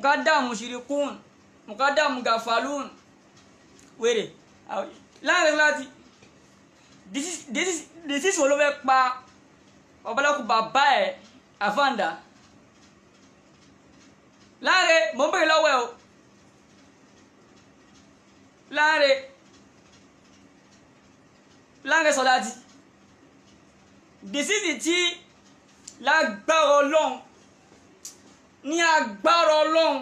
mukadam mushrikun mukadam gafalun wèrè láàrin láti disis wo ló fẹ́ pa ọ̀bọ̀lọ́kù bàbá ẹ̀ àfàǹdà láàrin mò ń bèrè lọ́wọ́ ẹ̀ o láàrin láàrin sọ̀dáàtì disis tí lágbára ọlọ́run ní agbára ọlọ́run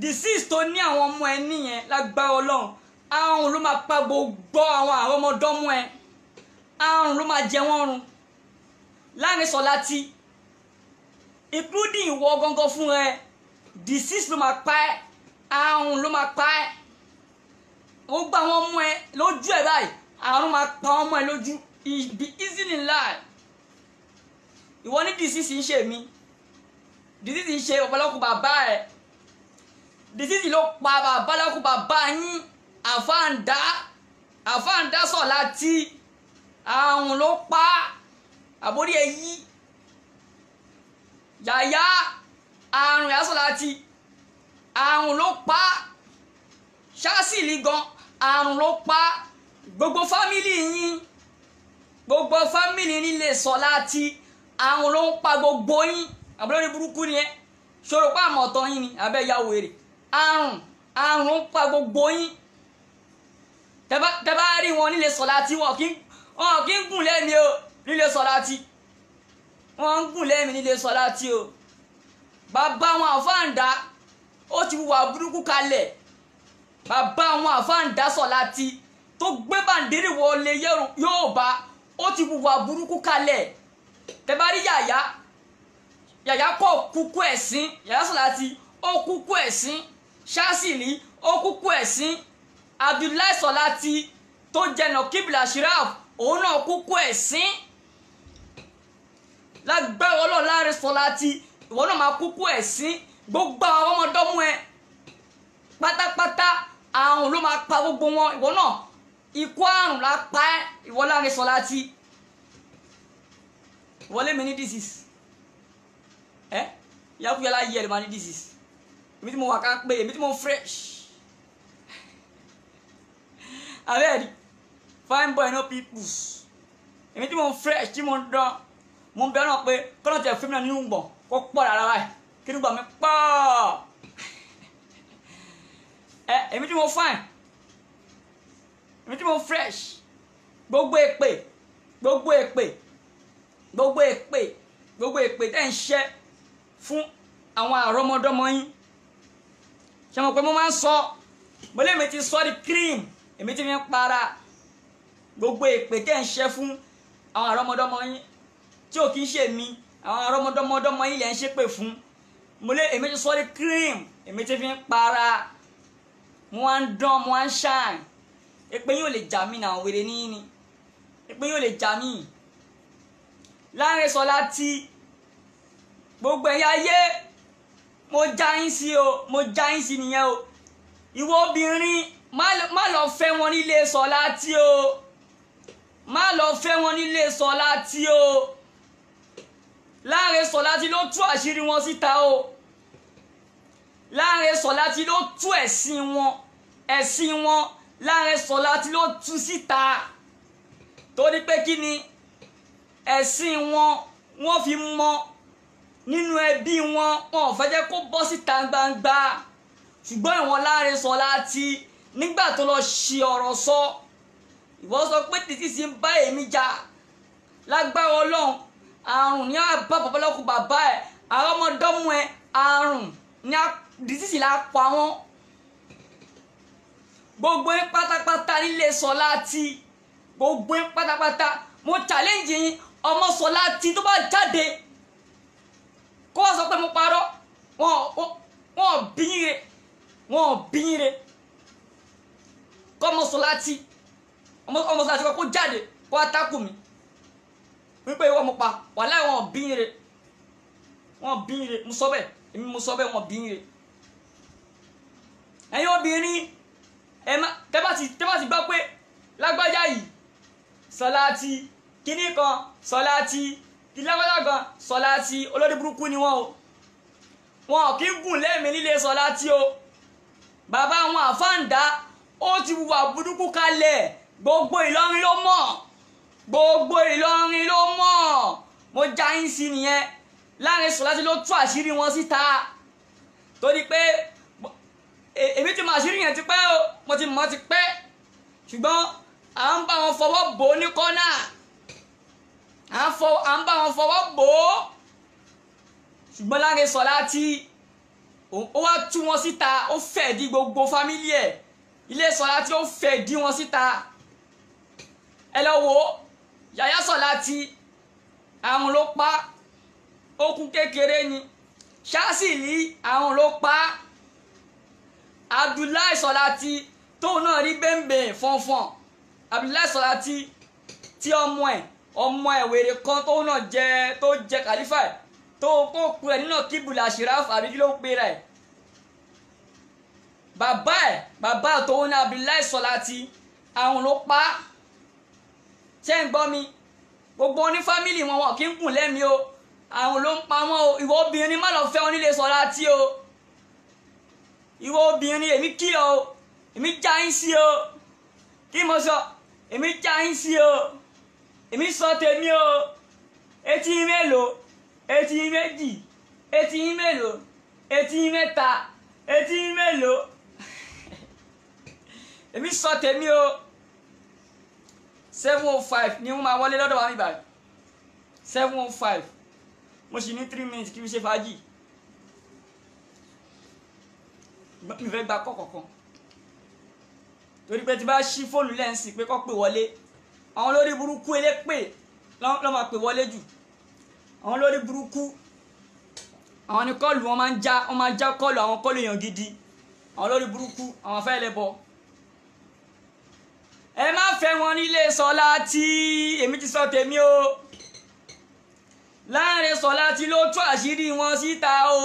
disease tó ní àwọn ọmọ ẹ nìyẹn lágbára ọlọ́run àrùn ló máa pa gbogbo àwọn àwọn ọmọdọ́mọ ẹ àrùn ló máa jẹ wọ́n run láàrin sọlá tí including ìwọ gangan fún ẹ disease ló máa pa ẹ àrùn ló máa pa ẹ ó gbà wọn ọmọ ẹ lójú ẹ báyìí àrùn máa pa ọmọ ẹ lójú ìbí easy in life ìwọ ní disease ń ṣe mí disease ṣe ọ̀pọ̀lọpọ̀ bàbá ẹ̀ disease ló pa bàbá lọ́kùn bàbá yín àfáàǹdá àfáàǹdá sọ̀ láti àrùn ló pa àbórí èyí yàyà àrùn yàsọ̀ láti àrùn ló pa ṣáàsìlì gan àrùn ló pa gbogbo fámìlì yín gbogbo fámìlì yín lè sọ láti àrùn ló ń pa gbogbo yín àbúrò burúkú ni ẹ ṣòro pa àmọ̀ ọ̀tọ̀ yín ni abẹ́ ya wèrè àrùn àrùn ń pa gbogbo yín tẹ bá rí wọn nílé sọ̀láàtì wọn kì í gùn lẹ́mi o nílé sọ̀láàtì wọn ń gùn lẹ́mi nílé sọ̀láàtì o bàbá wọn àfáàǹdá ó ti wà burúkú kalẹ̀ bàbá wọn àfáàǹdá sọ̀láàtì tó gbé bàǹdírì wọlé yóò bá ó ti wà burúkú kalẹ̀ tẹ bá rí yàyà yàyà kọ́ kúkú ẹ̀sìn yàyà sàlátì ó kúkú ẹ̀sìn ṣáṣìlì ó kúkú ẹ̀sìn abdullahi sọláti tó jẹ́ nọkíbìlà shiraf òun náà kúkú ẹ̀sìn lágbára ọlọ́run láàrin sọláti ìwọ náà máa kúkú ẹ̀sìn gbogbo àwọn ọmọdọ́mú ẹ pátápátá àrùn ló máa pa gbogbo wọn ìwọ náà ikú àrùn la pa ẹ ìwọ láàrin sọláti wọlé mi ní disease ẹ yakuyala yẹ ẹ ma ní disease èmi tí mo wà ká pé èmi tí mo fresh abẹ́ẹ̀dì fine boy no peoples èmi tí mo fresh tí mo dán mo bẹ́ẹ̀ náà pé kọ́nà tẹ̀ fún mi náà nínú gbọ̀n kó pọ̀ rárá báyìí kí ni gbọ̀n mi pọ̀ ẹ eh, èmi tí mo fine èmi tí mo fresh gbogbo èpè gbogbo èpè gbogbo èpè gbogbo èpè tẹ́ ń ṣẹ́ fún àwọn àrọ́mọdọ́mọ yín ṣe mọ̀ pé mo máa ń sọ bọ́lá èmi ti sọ di cream èmi ti fi ń para gbogbo èpè tẹ́ ń ṣe fún àwọn àrọ́mọdọ́mọ yín tí ò kí ń ṣe mi àwọn àrọ́mọdọ́mọdọ́mọ yín lẹ́ ń ṣépè fún mo lé èmi sọ di cream èmi ti fi ń para mo wá ń dán mo wá ń ṣàn èpè yóò lè jà mí nà wèrè níyìn ni èpè yóò lè jà mí Lanresọlá tí gbogbo ẹ̀yà ayé mo já yín sí o mo já yín sí nìyẹn o ìwọ obìnrin má lọ fẹ́ wọn nílé sọlá tí o má lọ fẹ́ wọn nílé sọlá tí o láàrin sọlá tí ló tú àṣírí wọn síta o láàrin sọlá tí ló tú ẹ̀sìn wọn ẹ̀sìn wọn láàrin sọlá tí ló tú síta torí pé kí ni ẹ̀sìn wọn wọ́n fi mọ nínú ẹbí wọn wọn ò fẹ́ jẹ́ kó bọ́ síta gbangba ṣùgbọ́n ìwọ̀n láre sọ láti nígbà tó lọ ṣe ọ̀rọ̀ sọ ìwọ sọ pé títí sí ń bá èmi jà lágbára ọlọ́run àrùn ní àbá babalọ́kù bàbá ẹ̀ àwọn ọmọdọ́mú ẹ̀ àrùn ní dísìsì la pa wọ́n gbogbo yín pátápátá nílé sọ láti gbogbo yín pátápátá mo challenge yín ọmọ sọ láti tó bá jáde kó sọ pé mo parọ́ wọn ò bíyìnre wọn ò bíyìnre kọ́ mọ́sọ̀láti ọmọsọ̀láti kọ́ kó jáde kó atákù mi wípé ìwọ mo pa wàláì wọn ò bíyìnre wọn ò bíyìnre mo sọ bẹ́ẹ̀ èmi mo sọ bẹ́ẹ̀ wọn ò bíyìnre ẹ̀yin obìnrin ẹ má tẹ́ bá gbọ́ pé lágbájá yìí sọ̀láti kíní kan sọ̀láti ìlágbálágbà sọlá ti olórí burúkú ni wọn o wọn kì í gùn lẹ́ẹ̀mí líle sọlá tí o bàbá wọn àfáǹdá ó ti wùwà burúkú kalẹ̀ gbogbo Ìlọrin ló mọ̀ gbogbo Ìlọrin ló mọ̀ mo já yín sí nìyẹn láàrin sọlá tí ló tú àṣírí wọn síta torí pé e, èmi ti mọ àṣírí yẹn ti pẹ́ o mo ti mọ̀ ti pẹ́ ṣùgbọ́n à ń bá wọn fọwọ́ bò ó ní kọ́nà à ń bá wọn fọwọ́ bò ó ṣùgbọ́n láre sọ láti ó wá tú wọn síta ó fẹ́ di gbogbo fámílì ẹ̀ ilé sọ láti ó fẹ́ di wọn síta ẹ lọ wò ó yàyà sọ láti àrùn ló pa ó kú kékeré ni ṣáàsìlì àrùn ló pa Abdullahi sọ láti tóun náà rí bẹ́ẹ̀nbẹ́ẹ̀ fọ̀nfọ̀n Abdullahi sọ láti tí ọmọ ẹ̀ ọmọ ẹ̀wèrè kan tó náà jẹ tó jẹ kàlífà ẹ̀ tó kó pe ẹ̀ nínú kíbùlù àṣìráfù àbí kí ló pe rẹ̀ bàbá ẹ̀ bàbá tòun ní Abdullahi Sọláti àwọn ló pa á ṣé ń gbọ́ mi gbogbo oní fámìlì wọn wọn kì í kùn lẹ́mi o àwọn ló ń pa wọn o ìwọ obìnrin má lọ fẹ́ onílé Sọláti o ìwọ obìnrin èmi kí o èmi já yín sí o kí mo sọ èmi já yín sí o èmi sọ tèmi o etí mélòó etí méjì etí mélòó etí mẹ́ta etí mélòó èmi sọ tèmi o seven oh five ni wọ́n máa wọlé lọ́dọ̀ wa mi seven oh five mo sì ní three minutes kí n ṣe fàájì mi fẹ́ gba kọ́ kọ̀ọ̀kan torí pé tí bá ṣí fóònù lẹ́ǹsì pé kọ́ pè wọlé àwọn olórí burúkú elépè lọ́mọ pè wọlé jù àwọn olórí burúkú àwọn ni kọ́ọ̀lù wọn máa ń já wọn máa ń já kọ́ọ̀lù àwọn kọ́ọ̀lù èèyàn gidi àwọn olórí burúkú àwọn afẹ́ lẹ́bọ̀ ẹ má fẹ́ wọn nílé sọlá tí èmi ti sọ tèmi o láàrin sọlá tí ló tú àṣírí wọn síta o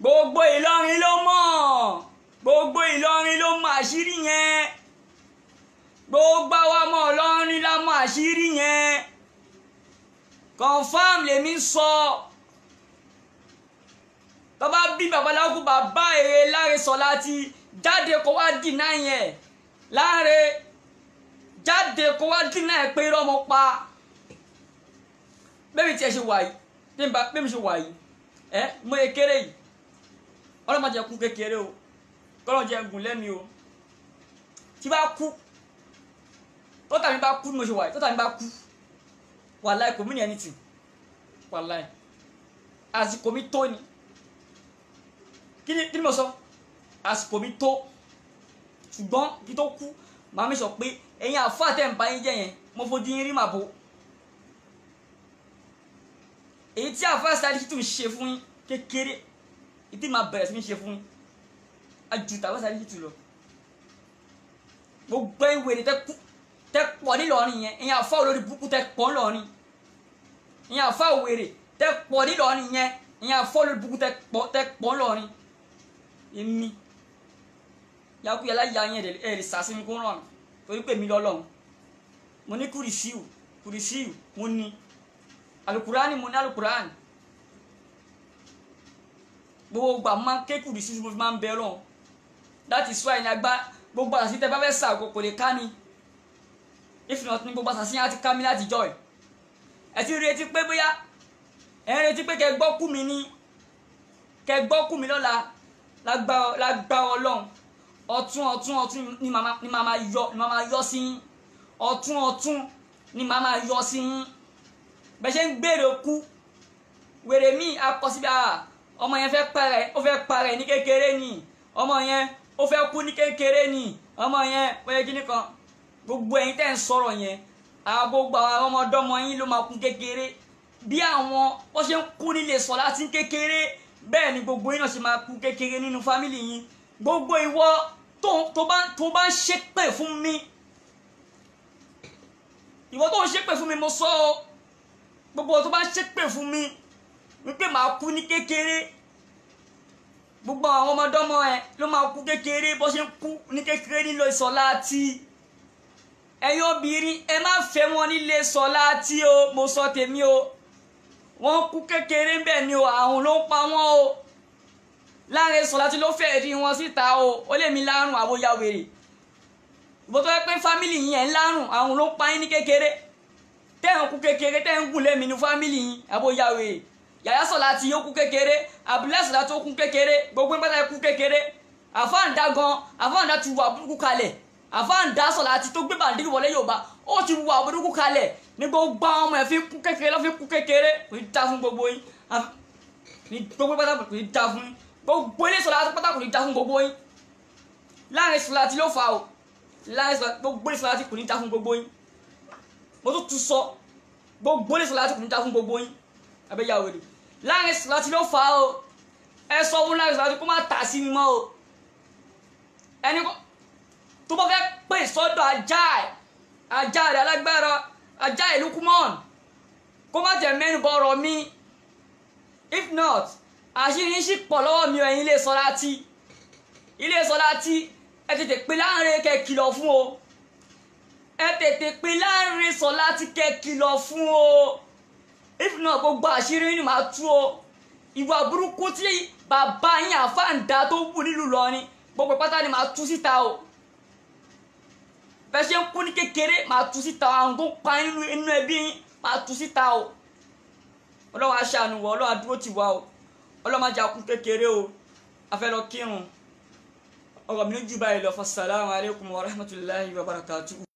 gbogbo Ìlọrin ló mọ̀ gbogbo Ìlọrin ló mọ̀ àṣírí yẹn gbogbo àwọn ọmọ ọlọ́rin la mọ àṣírí yẹn confam lèmi sọ tó bá bí babaláwo bàbá èrè láre sọ láti jáde kó wá dìnnà yẹn láre jáde kó wá dìnnà yẹn pé irọ́ mo pa bẹ́ẹ̀ mi tiẹ̀ ṣe wà yìí bẹ́ẹ̀ mi ṣe wà yìí mo yẹ kéré yìí ọlọ́mọdé kú kékeré o kọ́lọ́mọdé gùn lẹ́mi o tí bá kú tọ́tà mi bá kú ni mo ṣe wà tọ́tà mi bá kú wàláì kò mí ní anything wàláì àsìkò mi tó ni kí ni mo sọ àsìkò mi tó ṣùgbọ́n kí tó kú màá mi sọ pé ẹ̀yin àfa tẹ̀ ń bá yín jẹ́ yẹn mo fojú yín rí màbo èyí tí àfa sáré tún ṣe fún yín kékeré ìdí máa bẹ̀rẹ̀ sí ní ṣe fún yín ajù tàbá sáré tún lọ gbogbo ìwé ni tẹ́ kú tẹ pọ̀ nílọrin yẹn ìyẹn àfa olórí burúkú tẹ pọ̀ nílọrin ìyẹn àfa òwèrè tẹ pọ̀ nílọrin yẹn ìyẹn àfa olórí burúkú tẹ pọ̀ tẹ pọ̀ nílọrin èmi yakuya láyà yẹn ẹ lè sàṣìmí kó ràn torí pé mi lọ́lọ́run mo ní kùrìsíù kùrìsíù mo ní alukurani mo ní alukurani gbogbo gbà máa ń ké kùrìsíù mo fi máa ń bẹ lọ́n that is why ní agbá gbogbo àti tẹ bá fẹ́ sàgò kò lè ká ni if not ní gbogbo àṣàṣìyàn àti kámi láti joy, ẹ ẹ ti retí pé bóyá ẹ ń retí pé kẹ gbọ́ kú mi ní kẹ gbọ́ kú mi la lágbá ọlọ́run ọ̀tún ọ̀tún ọ̀tún ni màmá yọ ni màmá yọ sí yín ọ̀tún ọ̀tún ni màmá yọ sí yín bẹ́ẹ̀ ṣe ń gbèrò kú wèrè míì akọsíbí àá ọmọ yẹn fẹ́ parẹ́ ó fẹ́ parẹ́ ní kékeré ni ọmọ yẹn ó fẹ́ kú ní kékeré ni ọmọ yẹn ó yẹ kí nìkan gbogbo ẹ̀yin tẹ́ ń sọ̀rọ̀ yẹn gbogbo àwọn ọmọdọ́mọ yín ló máa kún kékeré bí àwọn ó ṣe ń kú nílé sọ láti ń kékeré bẹ́ẹ̀ ni gbogbo yín náà ṣe máa kún kékeré nínú fámìlì yín gbogbo ìwọ tó bá ń ṣépè fún mi ìwọ tó ń ṣépè fún mi mo sọ ọ gbogbo tó bá ń ṣépè fún mi wípé màá kú ní kékeré gbogbo àwọn ọmọdọ́mọ ẹ ló máa kú kékeré bó ṣe ń kú ní kékeré nílò ìsọ̀lá àti ẹ̀yin obìnrin ẹ má fẹ́ wọn nílé sọlá tí o mo sọ tèmi o wọ́n kú kékeré ń bẹ̀ ni o àrùn ló ń pa wọ́n o láàrin sọlá tí ló fẹ́ rí wọn síta o ó lè mi lárùn àbóyá wèrè bó tó yẹ pé fámìlì yìí ẹ̀ ń lárùn àrùn ló ń pa yín ní kékeré tẹ́ ẹ̀ ń kú kékeré tẹ́ ẹ̀ ń gùn lẹ́mìí ní fámìlì yìí àbóyá wèrè yàyà sọlá tí yóò kú kékeré àbúlé sọlá tó kú kékeré gbogbo ń pátá kú kékeré àfáàǹdá gan àfáàǹdá ti wà burúkú kalẹ̀ àfáàndásọ láti tó gbé bàndírí wọlé yorùbá ó ti wà ọbẹdúkú kalẹ̀ ní gbogbo àwọn ọmọ ẹ fi kú kékeré lọ fi kú kékeré kò ní dá fún gbogbo yín ní gbogbo pátákó kò ní dá fún yín gbogbo ilé sọlá pátákó kò ní dá fún gbogbo yín láàrin sọlá tí ló fà o láàrin sọlá gbogbo ilé sọlá tí kò ní dá fún gbogbo yín mo tún tún sọ gbogbo ilé sọlá tí kò ní dá fún gbogbo yín abẹ́yà wèrè láàrin sọlá tí ló fà o ẹ sọ fún láàrin sọlá tí kó má tà sí mi mọ́ o ẹni kó tó bá fẹ́ pè sọ́dọ̀ ajá ẹ̀ ajá rẹ̀ alágbára ajá ẹ̀ lukumon kó má tẹ̀ mẹ́nu bọ̀rọ̀ mi if not àṣírí ṣì pọ̀ lọ́wọ́ mi ẹ̀yin ilé sọ́lá tí ilé sọ́lá tí ẹ tètè pé láàrin kẹ́ kìlọ̀ fún o ẹ tètè pé láàrin sọ́lá tí kẹ́ kìlọ̀ fún o if not gbogbo àṣírí ni màá tú o ìwà burúkú tí bàbá yín àfáàǹdá tó wù nílùú lọ ni gbogbo pátá ni màá tú síta o bẹ́ẹ̀ ṣe ń kú ní kékeré máa tú síta àwọn tó ń pa inú ẹbí yín máa tú síta o ọlọ́wọ́ aṣàánú wọ ọlọ́wọ́ adúró ti wá o ọlọ́wọ́ ajá kún kékeré o afẹ́lọ kírun ọ̀rọ̀ mi ní jù báyìí lọ fasalaamu alaykum wa rahmatulahi wa barakatuhu.